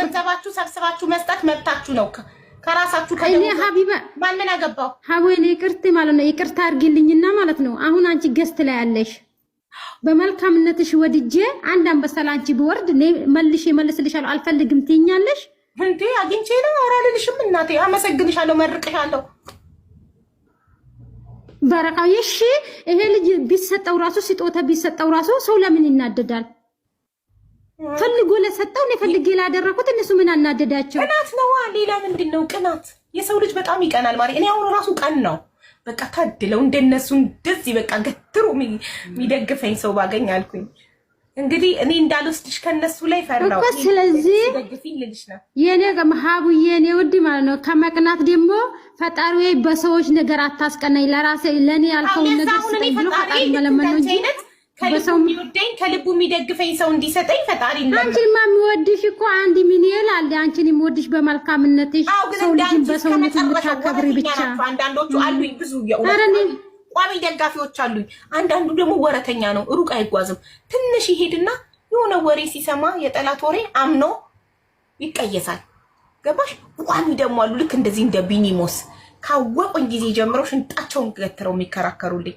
ገንዘባችሁ ሰብስባችሁ መስጠት መብታችሁ ነው። ከራሳችሁ ከእኔ ሀቢባ ማንን አገባው? ሀወኔ ይቅርት ማለት ነው። ይቅርታ አድርጊልኝና ማለት ነው። አሁን አንቺ ገስት ላይ ያለሽ በመልካምነትሽ ወድጄ አንድ አንበሳ ለአንቺ ብወርድ መልሽ የመልስልሻለሁ። አልፈልግም ትይኛለሽ እንዴ? አግኝቼ ነው አራልልሽም። እናቴ አመሰግንሻለሁ፣ መርቅሻለሁ። በረቃ ይሺ ይሄ ልጅ ቢሰጠው ራሱ ስጦታ ቢሰጠው ራሱ ሰው ለምን ይናደዳል? ፈልጎ ለሰጠው እኔ ፈልጌ ላደረኩት እነሱ ምን አናደዳቸው? ቅናት ነዋ። ሌላ ምንድን ነው ቅናት? የሰው ልጅ በጣም ይቀናል ማለት እኔ አሁን ራሱ ቀን ነው በቃ ታድለው እንደነሱ እንደዚህ በቃ ገትሩ የሚደግፈኝ ሰው ባገኝ አልኩኝ። እንግዲህ እኔ እንዳልወስድሽ ከነሱ ላይ ፈራው እኮ። ስለዚህ የኔ ሀቡዬ የኔ ውድ ማለት ነው። ከመቅናት ደግሞ ፈጣሪ ወይ በሰዎች ነገር አታስቀናኝ፣ ለራሴ ለእኔ ያልከውን ነገር ስጠኝ ብሎ ፈጣሪ መለመን ነው እንጂ ከልቡ የሚወደኝ ከልቡ የሚደግፈኝ ሰው እንዲሰጠኝ ፈጣሪ ነው። አንቺንማ የሚወድሽ እኮ አንድ ሚሊዮን አለ። አንቺን የሚወድሽ በመልካምነትሽ ሰው ልጅን በሰውነት የምታከብሪ ብቻ። አንዳንዶቹ አሉኝ፣ ብዙ ቋሚ ደጋፊዎች አሉኝ። አንዳንዱ ደግሞ ወረተኛ ነው፣ ሩቅ አይጓዝም። ትንሽ ይሄድና የሆነ ወሬ ሲሰማ የጠላት ወሬ አምኖ ይቀየሳል። ገባሽ? ቋሚ ደግሞ አሉ፣ ልክ እንደዚህ እንደ ቢኒሞስ ካወቁኝ ጊዜ ጀምረው ሽንጣቸውን ገትረው የሚከራከሩልኝ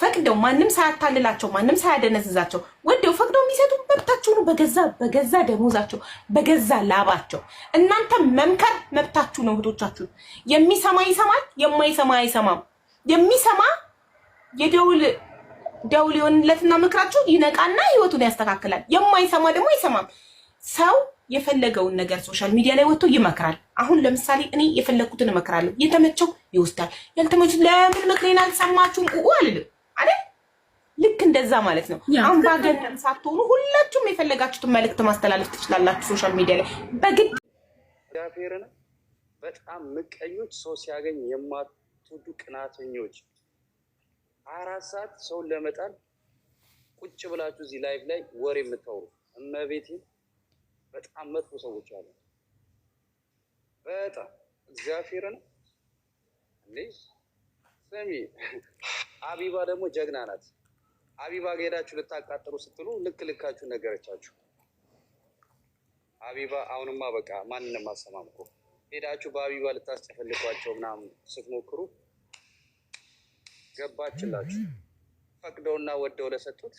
ፈቅደው ማንም ሳያታልላቸው ማንም ሳያደነዝዛቸው ወደው ፈቅደው የሚሰጡ መብታችሁ ነው። በገዛ በገዛ ደሞዛቸው በገዛ ላባቸው እናንተ መምከር መብታችሁ ነው። እህቶቻችሁ የሚሰማ ይሰማል፣ የማይሰማ አይሰማም። የሚሰማ የደውል ደውል የሆንለትና ምክራችሁ ይነቃና ህይወቱን ያስተካክላል። የማይሰማ ደግሞ አይሰማም። ሰው የፈለገውን ነገር ሶሻል ሚዲያ ላይ ወጥቶ ይመክራል። አሁን ለምሳሌ እኔ የፈለግኩትን እመክራለሁ። የተመቸው ይወስዳል፣ ያልተመቹት ለምን ምክሬን አልሰማችሁም ቁቁ አልልም። አይደል? ልክ እንደዛ ማለት ነው። አምባገነን ሳትሆኑ ሁላችሁም የፈለጋችሁትን መልእክት ማስተላለፍ ትችላላችሁ ሶሻል ሚዲያ ላይ በግድ እግዚአብሔርን በጣም ምቀኞች፣ ሰው ሲያገኝ የማትወዱ ቅናተኞች፣ አራት ሰዓት ሰውን ለመጣል ቁጭ ብላችሁ እዚህ ላይቭ ላይ ወሬ የምታወሩ እመቤቴ፣ በጣም መጥፎ ሰዎች አሉ። በጣም እግዚአብሔርን እንዴ ስሚ አቢባ ደግሞ ጀግና ናት። አቢባ ጋ ሄዳችሁ ልታቃጥሩ ስትሉ ልክ ልካችሁ ነገረቻችሁ። አቢባ አሁንማ በቃ ማንንም አሰማምኩ ሄዳችሁ በአቢባ ልታስጨፈልጓቸው ምናምን ስትሞክሩ ገባችላችሁ። ፈቅደውና ወደው ለሰጡት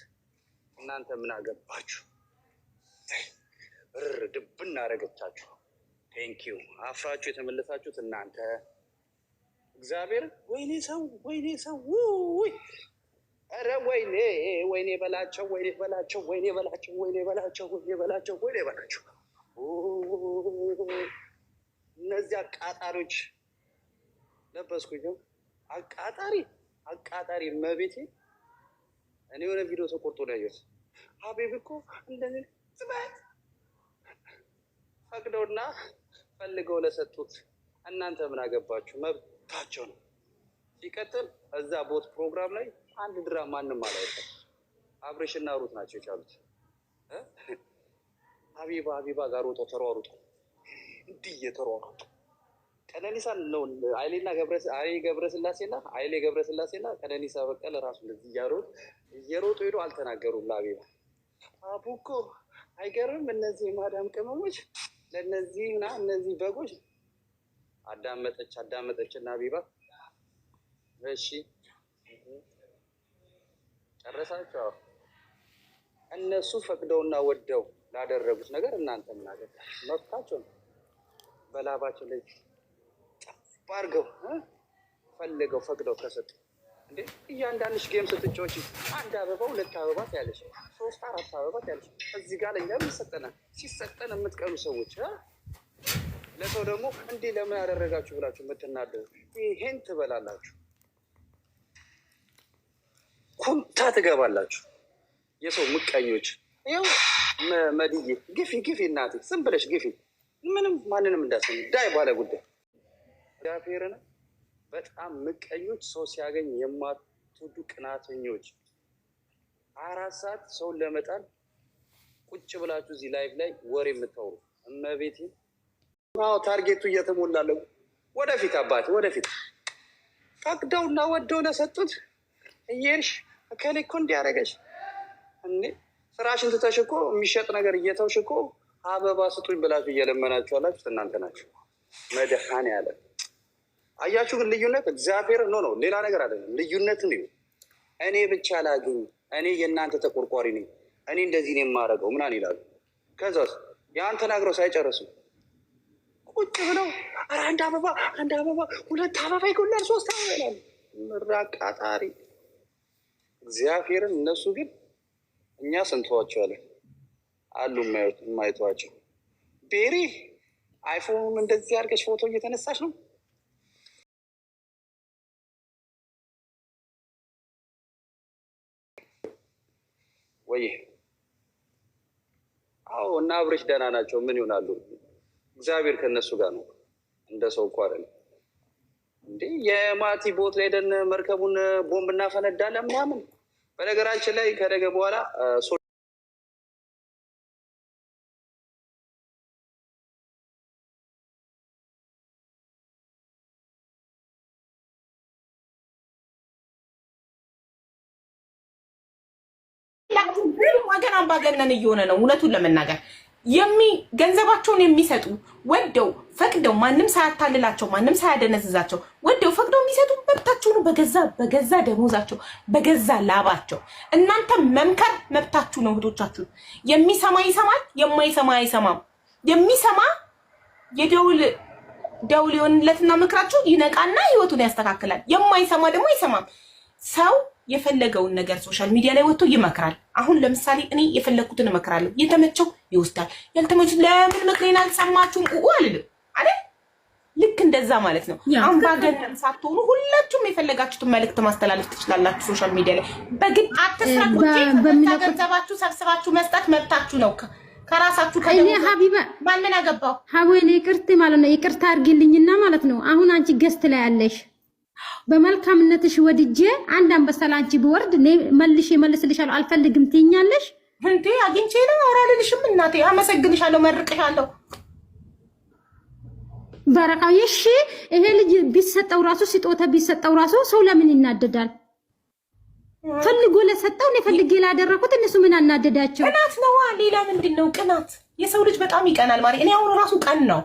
እናንተ ምን አገባችሁ? ብር ድብን እናረገቻችሁ። ቴንኪው አፍራችሁ የተመለሳችሁት እናንተ እግዚአብሔር ወይኔ ሰው ወይኔ ሰው ውይ ኧረ ወይኔ ወይኔ በላቸው ወይኔ በላቸው ወይኔ በላቸው ወይኔ በላቸው ወይኔ በላቸው ወይኔ በላቸው። እነዚህ አቃጣሪዎች ለበስኩኝ። አቃጣሪ አቃጣሪ መቤቴ እኔ የሆነ ቪዲዮ ተቆርጦ ነው ያየሁት። ሀቢብ እኮ እንደዚህ ስበት ፈቅደውና ፈልገው ለሰጡት እናንተ ምን አገባችሁ? ታቸው ነው። ሲቀጥል እዛ ቦት ፕሮግራም ላይ አንድ ድራ ማንም አላየለም። አብሬሽ እና ሩት ናቸው የቻሉት። ሀቢባ ሀቢባ ጋር ሮጦ ተሯሩጦ እንዲህ እየተሯሯጡ ቀነኒሳን ነው አይሌና ገብረስላሴና አይሌ ገብረስላሴና ቀነኒሳ በቀለ ራሱ እንደዚህ እያሮጡ እየሮጡ ሄዶ አልተናገሩም ለሀቢባ አቡኮ አይገርም። እነዚህ ማዳም ቅመሞች ለእነዚህና እነዚህ በጎች አዳመጠች አዳመጠች እና ቢባ እሺ ጨረሳቸው። እነሱ ፈቅደውና ወደው ላደረጉት ነገር እናንተ ምን አገባችሁ? መብታቸው ነው። በላባቸው ላይ ጠብ ፈልገው ፈቅደው ከሰጡ እንዴ እያንዳንድሽ ጌም ስትጫወች አንድ አበባ ሁለት አበባ ያለች ሶስት አራት አበባ ያለች እዚህ ጋር ለኛ ይሰጠናል። ሲሰጠን የምትቀኑ ሰዎች ለሰው ደግሞ እንዲ ለምን ያደረጋችሁ ብላችሁ የምትናደሩ ይሄን ትበላላችሁ፣ ኩንታ ትገባላችሁ። የሰው ምቀኞች ይኸው መድዬ ግፊ ግፊ፣ እናቴ ዝም ብለሽ ግፊ። ምንም ማንንም እንዳሰኝ ዳይ ባለ ጉዳይ እግዚአብሔርን በጣም ምቀኞች፣ ሰው ሲያገኝ የማትወዱ ቅናተኞች፣ አራት ሰዓት ሰውን ለመጣል ቁጭ ብላችሁ እዚህ ላይፍ ላይ ወሬ የምታወሩ እመቤቴ ታርጌቱ እየተሞላለው ወደፊት አባት ወደፊት እና ወደው ለሰጡት እየሄድሽ እከሌ እኮ እንዲያደረገች ስራሽን ትተሽ እኮ የሚሸጥ ነገር እየተውሽ እኮ አበባ ስጡኝ ብላችሁ እየለመናችሁ ያላችሁት እናንተ ናችሁ። መድሃን ያለ አያችሁ። ግን ልዩነት እግዚአብሔር ኖ ነው፣ ሌላ ነገር አለ። ልዩነት ነው። እኔ ብቻ ላግኝ፣ እኔ የእናንተ ተቆርቋሪ ነኝ፣ እኔ እንደዚህ ነው የማደርገው ምናምን ይላሉ። ከዛ ያን ተናግረው ሳይጨርሱ ቁጭ ብለው ኧረ አንድ አበባ አንድ አበባ ሁለት አበባ ይጎላል ሶስት አበባ ይላል። ምራቅ አጣሪ እግዚአብሔርን። እነሱ ግን እኛ ስንተዋቸዋለን አሉ የማይተዋቸው ቤሪ አይፎኑን እንደዚህ አድርገች ፎቶ እየተነሳች ነው። ወይ አዎ። እና አብረሽ ደህና ናቸው። ምን ይሆናሉ? እግዚአብሔር ከነሱ ጋር ነው። እንደ ሰው እኮ አይደለም እንዴ የማቲ ቦት ላይ ደን መርከቡን ቦምብ እናፈነዳለን ምናምን። በነገራችን ላይ ከነገ በኋላ ወገን አምባገነን እየሆነ ነው እውነቱን ለመናገር ገንዘባቸውን የሚሰጡ ወደው ፈቅደው ማንም ሳያታልላቸው ማንም ሳያደነዝዛቸው ወደው ፈቅደው የሚሰጡ መብታቸው ነው። በገዛ በገዛ ደሞዛቸው በገዛ ላባቸው እናንተ መምከር መብታችሁ ነው። እህቶቻችሁ የሚሰማ ይሰማል፣ የማይሰማ አይሰማም። የሚሰማ የደውል ደውል የሆንለትና ምክራችሁ ይነቃና ህይወቱን ያስተካክላል። የማይሰማ ደግሞ አይሰማም ሰው የፈለገውን ነገር ሶሻል ሚዲያ ላይ ወጥቶ ይመክራል። አሁን ለምሳሌ እኔ የፈለግኩትን እመክራለሁ። የተመቸው ይወስዳል፣ ያልተመቹት ለምን ምክሬን አልሰማችሁም ቁ አልልም አለ። ልክ እንደዛ ማለት ነው። አሁን ሳትሆኑ ሁላችሁም የፈለጋችሁትን መልእክት ማስተላለፍ ትችላላችሁ። ሶሻል ሚዲያ ላይ በግድ አትስራ። ገንዘባችሁ ሰብስባችሁ መስጠት መብታችሁ ነው። ከራሳችሁ ከሀቢባ ማን ምን አገባው? ሀቡ ይቅርት ማለት ነው። ይቅርታ አድርጊልኝና ማለት ነው አሁን አንቺ ገስት ላይ አለሽ በመልካምነትሽ ወድጄ አንድ አንበሳ ላንቺ ብወርድ መልሽ መልስልሻለሁ። አልፈልግም ትይኛለሽ እንዴ? አግኝቼ ነው አውራልልሽም እናቴ አመሰግንሻለሁ፣ መርቅሻለሁ። በረካ ይሺ ይሄ ልጅ ቢሰጠው ራሱ ሲጦተ ቢሰጠው ራሱ ሰው ለምን ይናደዳል? ፈልጎ ለሰጠው እኔ ፈልጌ ላደረኩት እነሱ ምን አናደዳቸው? ቅናት ነዋ። ሌላ ምንድን ነው ቅናት? የሰው ልጅ በጣም ይቀናል ማለት እኔ አሁን ራሱ ቀን ነው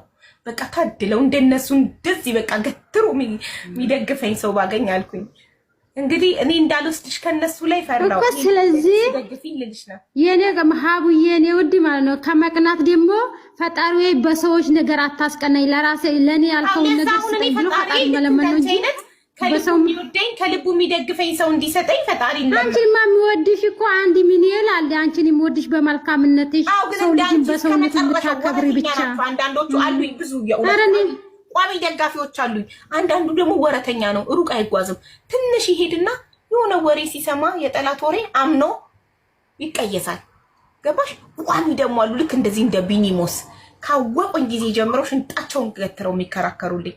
በቃ ታድለው እንደነሱ እንደዚህ በቃ ገትሩ የሚደግፈኝ ሰው ባገኝ አልኩኝ። እንግዲህ እኔ እንዳልወስድሽ ከነሱ ላይ ፈራው። ስለዚህ የኔ ሀቡዬ የኔ ውድ ማለት ነው። ከመቅናት ደግሞ ፈጣሪ ወይ በሰዎች ነገር አታስቀናኝ፣ ለራሴ ለእኔ ያልከውን ነገር ስጠኝ ብሎ ፈጣሪ መለመን ነው እንጂ ከልቡ የሚወደኝ ከልቡ የሚደግፈኝ ሰው እንዲሰጠኝ ፈጣሪ ነው። አንቺንማ የሚወድሽ እኮ አንድ ሚኒየል አለ። አንቺን የሚወድሽ በመልካምነትሽ ሰው ልጅን በሰውነት የምታከብሪ ብቻ። አንዳንዶቹ አሉኝ ብዙ ቋሚ ደጋፊዎች አሉኝ። አንዳንዱ ደግሞ ወረተኛ ነው፣ ሩቅ አይጓዝም። ትንሽ ይሄድና የሆነ ወሬ ሲሰማ የጠላት ወሬ አምኖ ይቀየሳል። ገባሽ? ቋሚ ደግሞ አሉ ልክ እንደዚህ እንደ ቢኒሞስ ካወቁኝ ጊዜ ሽንጣቸውን ገትረው የሚከራከሩልኝ